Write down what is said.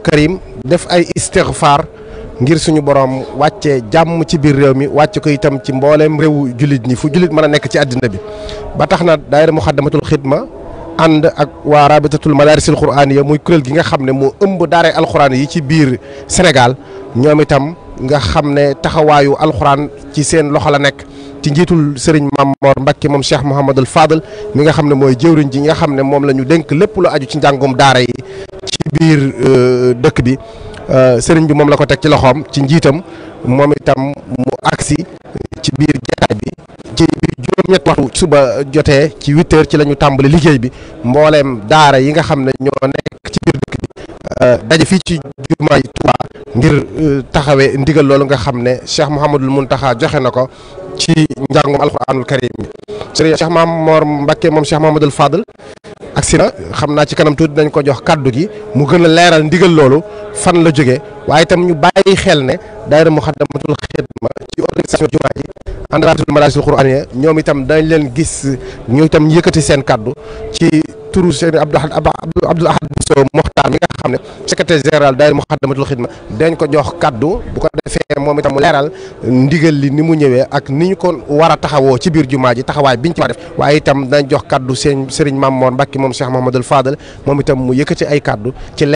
karim def ay istixfaar ngir suñu borom wàccee jàmm ci biir réew mi wàcc ko itam ci mbooleem réewu jullit ñi fu jullit mën a nekk ci àddina bi ba tax na daayira muxaddamatul xidma ànd ak waa rabitatul madarisil quraaniya muy kuréel gi nga xam ne moo ëmb daaray alxuraan yi ci biir Sénégal ñoom itam nga xam ne taxawaayu alxuraan ci seen loxo la nekk ci njiitul sëriñ Maam Mor Mbacke moom Cheikh Mouhamadul Fadal mi nga xam ne mooy jëwriñ ji nga xam ne moom la ñu dénk lépp lu aju ci njàngum daara yi biir euh, dëkk bi euh, sëriñ bi moom la ko teg ci loxoom ci njiitam moom itam mu agsi ci biir jataay bi ci biir juróom-ñetti waxtu suba jotee ci huit ci lañu tàmbali liggéey bi mbooleem daara yi nga xam ne ñoo nekk ci biir dëkk bi euh, daje fii ci jumaa yi Touba ngir taxawee ndigal loolu nga xam ne Cheikh mun Mountakha joxe na ko ci njàngum alxuraanul karim bi sëriñ Cheikh Mamour moom Cheikh Fadl agsi na xam naa ci kanam tuuti dañ ko jox kàddu gi mu gën a leeral ndigal loolu fan la jógee waaye itam ñu bàyyi xel ne daayira Muxaddamatul Xidma ci organisation jumaa ji andratul madaarisul quraaniyya ñoom itam dañ leen gis ñoo itam yëkkati seen kàddu ci turu seen Abdou Abdou Abdou Ahad Bousso Fall mi nga xam ne secrétaire général daayira Muxaddamatul Xidma dañ ko jox kaddu bu ko defee moom itam mu leeral ndigal li ni mu ñëwee ak ni ñu ko war a taxawoo ci biir jumaa ji taxawaay biñ ci war def waaye itam dañ jox kaddu seen Serigne Mamour Mbacke moom Cheikh Mouhamadul faadal moom itam mu yëkkati ay kàddu ci